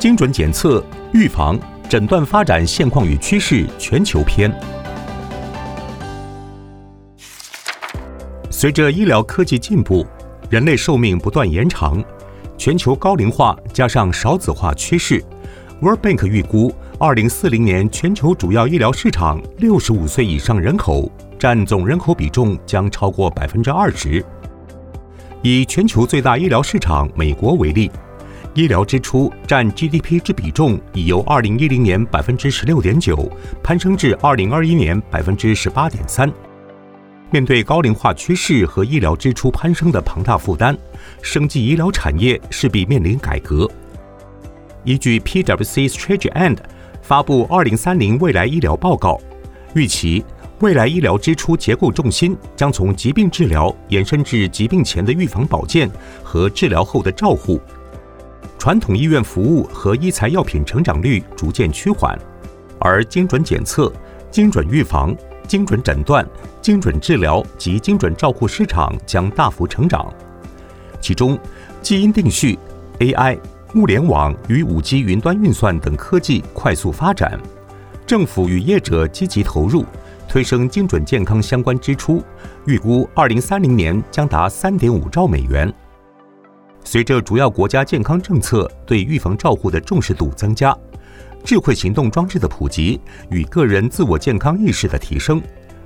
精準檢測、預防、診斷發展現況與趨勢（全球篇）。隨着醫療科技進步，人類壽命不斷延長，全球高齡化加上少子化趨勢 w e r b a n k 預估，二零四零年全球主要醫療市場六十五歲以上人口占總人口比重將超過百分之二十。以全球最大醫療市場美國為例。醫療支出占 GDP 之比重已由二零一零年百分之十六點九攀升至二零二一年百分之十八點三。面對高齡化趨勢和醫療支出攀升的龐大負擔，升級醫療產業勢必面臨改革。依據 PwC Strategy& 發布《二零三零未來醫療報告》，預期未來醫療支出結構重心將從疾病治療延伸至疾病前的預防保健和治療後的照護。傳統醫院服務和醫材藥品成長率逐漸趨緩，而精準檢測、精準預防、精準診斷、精準治療及精準照護市場將大幅成長。其中，基因定序、AI、物聯網與 5G 雲端運算等科技快速發展，政府與業者積極投入，推升精準健康相關支出，預估2030年將達3.5兆美元。隨着主要國家健康政策對預防照護的重視度增加，智慧行動裝置的普及與個人自我健康意識的提升，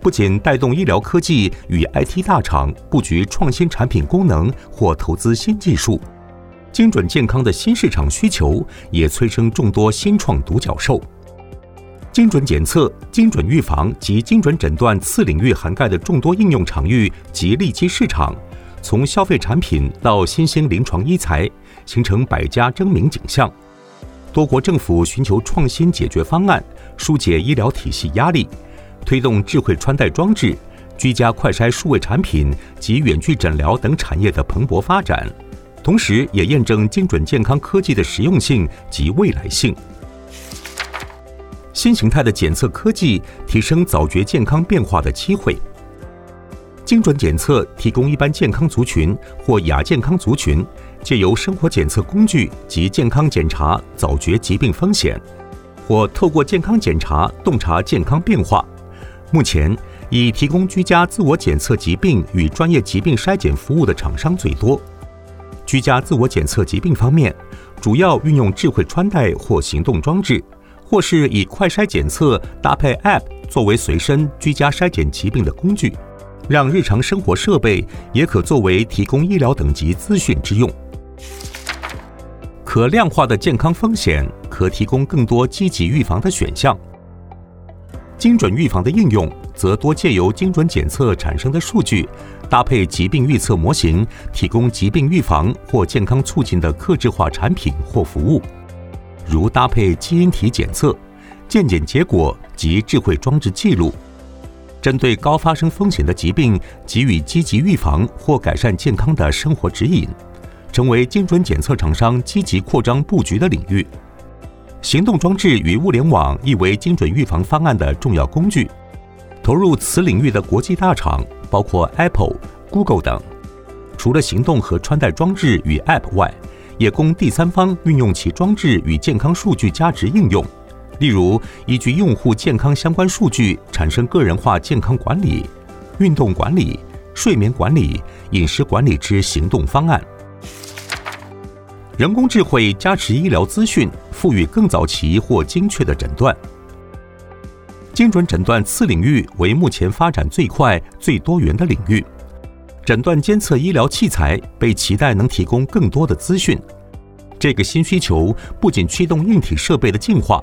不僅帶動醫療科技與 IT 大廠佈局創新產品功能或投資新技術，精準健康的新市場需求也催生眾多新創獨角獸。精準檢測、精準預防及精準診斷次領域涵蓋的眾多應用場域及利基市場。從消費產品到新興臨床醫材，形成百家爭鳴景象。多國政府尋求創新解決方案，疏解醫療體系壓力，推動智慧穿戴裝置、居家快篩數位產品及遠距診療等產業的蓬勃發展。同時，也驗證精準健康科技的實用性及未來性。新形態的檢測科技，提升早覺健康變化的機會。精準檢測提供一般健康族群或亞健康族群，借由生活檢測工具及健康檢查早覺疾病風險，或透過健康檢查洞察健康變化。目前，以提供居家自我檢測疾病與專業疾病篩檢服務的廠商最多。居家自我檢測疾病方面，主要運用智慧穿戴或行動裝置，或是以快篩檢測搭配 App 作為隨身居家篩檢疾病的工具。讓日常生活設備也可作為提供醫療等級資訊之用，可量化的健康風險可提供更多積極預防的選項。精準預防的應用，則多借由精準檢測產生的數據，搭配疾病預測模型，提供疾病預防或健康促進的客製化產品或服務，如搭配基因體檢測、健檢結果及智慧裝置記錄。針對高發生風險的疾病，給予積極預防或改善健康的生活指引，成為精準檢測廠商積極擴張布局的領域。行動裝置與物聯網亦為精準預防方案的重要工具。投入此領域的國際大廠包括 Apple、Google 等。除了行動和穿戴裝置與 App 外，也供第三方運用其裝置與健康數據加值應用。例如，依據用戶健康相關數據產生個人化健康管理、運動管理、睡眠管理、飲食管理之行動方案。人工智慧加持醫療資訊，賦予更早期或精確的診斷。精準診斷次領域為目前發展最快、最多元的領域。診斷監測醫療器材被期待能提供更多的資訊。這個新需求不僅驅動硬體設備的進化。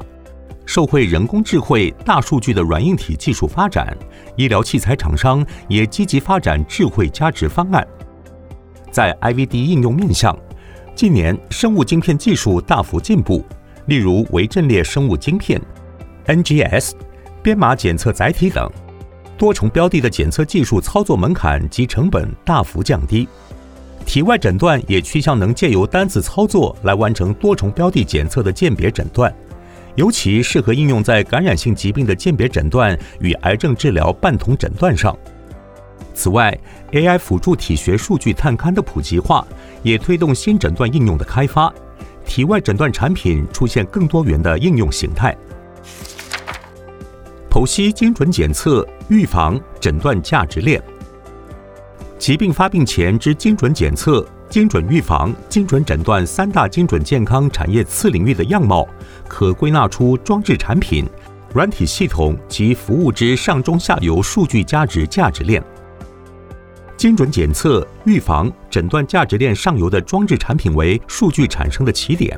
受惠人工智慧大數據的軟硬體技術發展，醫療器材廠商也積極發展智慧加值方案。在 IVD 應用面向，近年生物晶片技術大幅進步，例如微陣列生物晶片、NGS 編碼檢測載體等，多重標的的檢測技術操作門檻及成本大幅降低。體外診斷也趨向能借由單次操作來完成多重標的檢測的鑑別診斷。尤其適合應用在感染性疾病的鑑別診斷與癌症治療伴同診斷上。此外，AI 輔助體學數據探勘的普及化，也推動新診斷應用的開發，體外診斷產品出現更多元的應用形態。剖析精準檢測、預防、診斷價值鏈。疾病發病前之精準檢測、精準預防、精準診斷三大精準健康產業次領域的樣貌，可歸納出裝置產品、軟體系統及服務之上中下游數據價值價值鏈。精準檢測、預防、診斷價值鏈上游的裝置產品為數據產生的起點，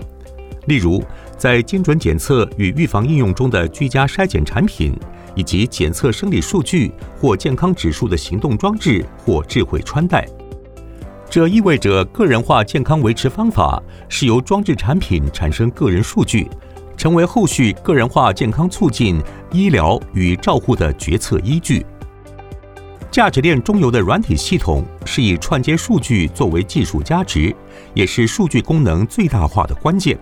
例如在精準檢測與預防應用中的居家篩檢產品。以及檢測生理數據或健康指數的行動裝置或智慧穿戴，這意味着個人化健康維持方法是由裝置產品產生個人數據，成為後續個人化健康促進、醫療與照護的決策依據。價值鏈中游的軟體系統是以串接數據作為技術價值，也是數據功能最大化的關鍵，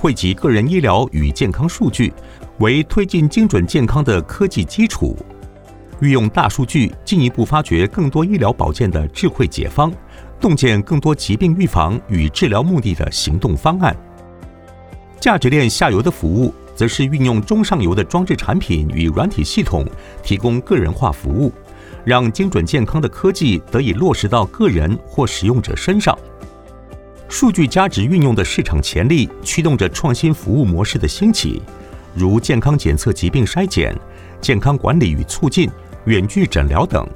匯集個人醫療與健康數據。為推進精準健康的科技基礎，運用大數據進一步發掘更多醫療保健的智慧解方，洞見更多疾病預防與治療目的的行動方案。價值鏈下游的服務，則是運用中上游的裝置產品與軟體系統，提供個人化服務，讓精準健康的科技得以落實到個人或使用者身上。數據價值運用的市場潛力，驅動着創新服務模式的興起。如健康檢測、疾病篩檢、健康管理與促進、遠距診療等，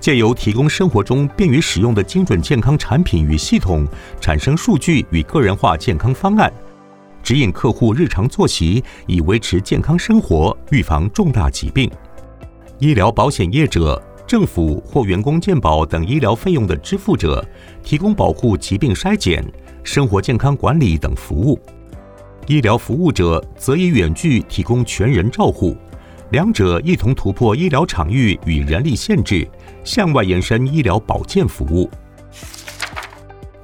借由提供生活中便於使用的精準健康產品與系統，產生數據與個人化健康方案，指引客戶日常作息，以維持健康生活、預防重大疾病。醫療保險業者、政府或員工健保等醫療費用的支付者，提供保護疾病篩檢、生活健康管理等服務。醫療服務者則以遠距提供全人照護，兩者一同突破醫療場域與人力限制，向外延伸醫療保健服務。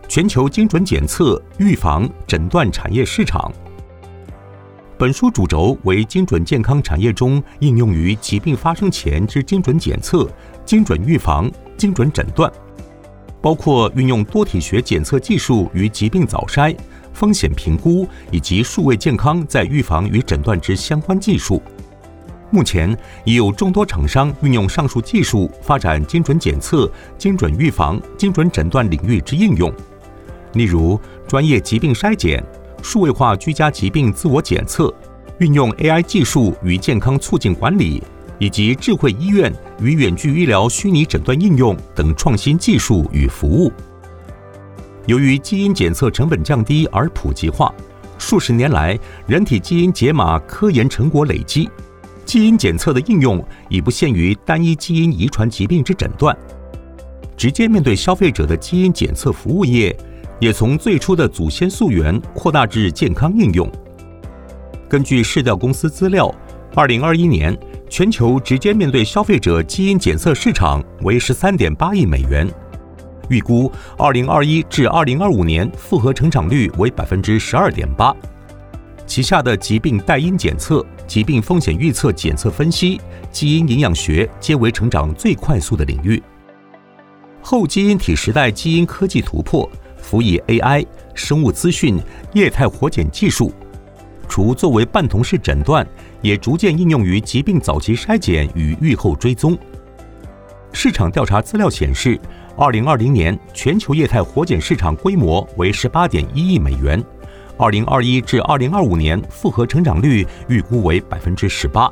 全球精準檢測、預防、診斷產業市場，本書主軸為精準健康產業中應用於疾病發生前之精準檢測、精準預防、精準診斷，包括運用多體學檢測技術與疾病早篩。風險評估以及數位健康在預防與診斷之相關技術，目前已有眾多廠商運用上述技術發展精準檢測、精準預防、精準診斷領域之應用，例如專業疾病篩檢、數位化居家疾病自我檢測、運用 AI 技術與健康促進管理，以及智慧醫院與遠距醫療虛擬診斷應用等創新技術與服務。由於基因檢測成本降低而普及化，數十年來，人體基因解碼科研成果累積，基因檢測的應用已不限於單一基因遺傳疾病之診斷。直接面對消費者的基因檢測服務業，也從最初的祖先溯源擴大至健康應用。根據市調公司資料，二零二一年全球直接面對消費者基因檢測市場為十三點八億美元。預估，二零二一至二零二五年複合成長率為百分之十二點八。旗下的疾病帶因檢測、疾病風險預測、檢測分析、基因營養學，皆為成長最快速的領域。後基因體時代基因科技突破，輔以 AI、生物資訊、液態活檢技術，除作為伴同式診斷，也逐漸應用於疾病早期篩檢與預後追蹤。市場調查資料顯示。二零二零年，全球液態活檢市場規模為十八點一億美元。二零二一至二零二五年複合成長率預估為百分之十八。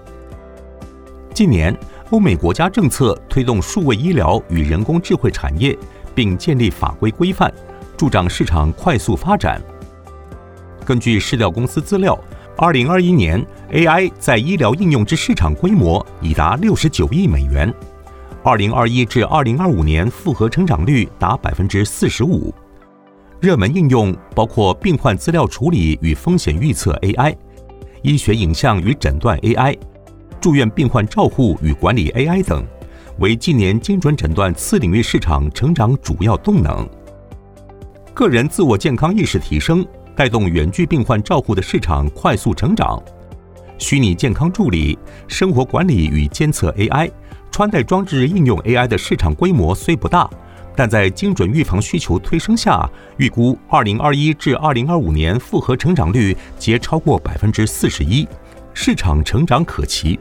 近年，歐美國家政策推動數位醫療與人工智慧產業，並建立法規規範，助長市場快速發展。根據市調公司資料，二零二一年 AI 在醫療應用之市場規模已達六十九億美元。二零二一至二零二五年複合成長率達百分之四十五，熱門應用包括病患資料處理與風險預測 AI、醫學影像與診斷 AI、住院病患照護與管理 AI 等，為近年精準診斷次領域市場成長主要動能。個人自我健康意識提升，帶動遠距病患照護的市場快速成長。虛擬健康助理、生活管理與監測 AI。穿戴裝置應用 AI 的市場規模雖不大，但在精準預防需求推升下，預估二零二一至二零二五年複合成長率皆超過百分之四十一，市場成長可期。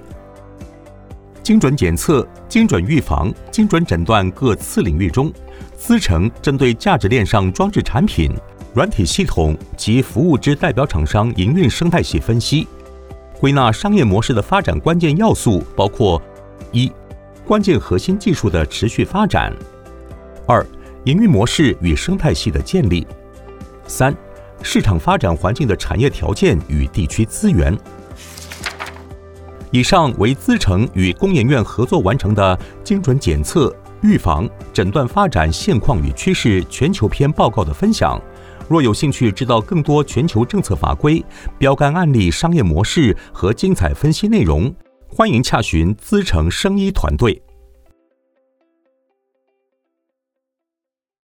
精準檢測、精準預防、精準診斷各次領域中，資誠針對價值鏈上裝置產品、軟體系統及服務之代表廠商營運生態系分析，歸納商業模式的發展關鍵要素包括一、關鍵核心技術的持續發展；二、營運模式與生態系的建立；三、市場發展環境的產業條件與地區資源。以上為資誠與工研院合作完成的《精準檢測、預防、診斷發展現況與趨勢》全球篇報告的分享。若有興趣知道更多全球政策法規、標杆案例、商業模式和精彩分析內容。歡迎洽詢資誠生醫團隊。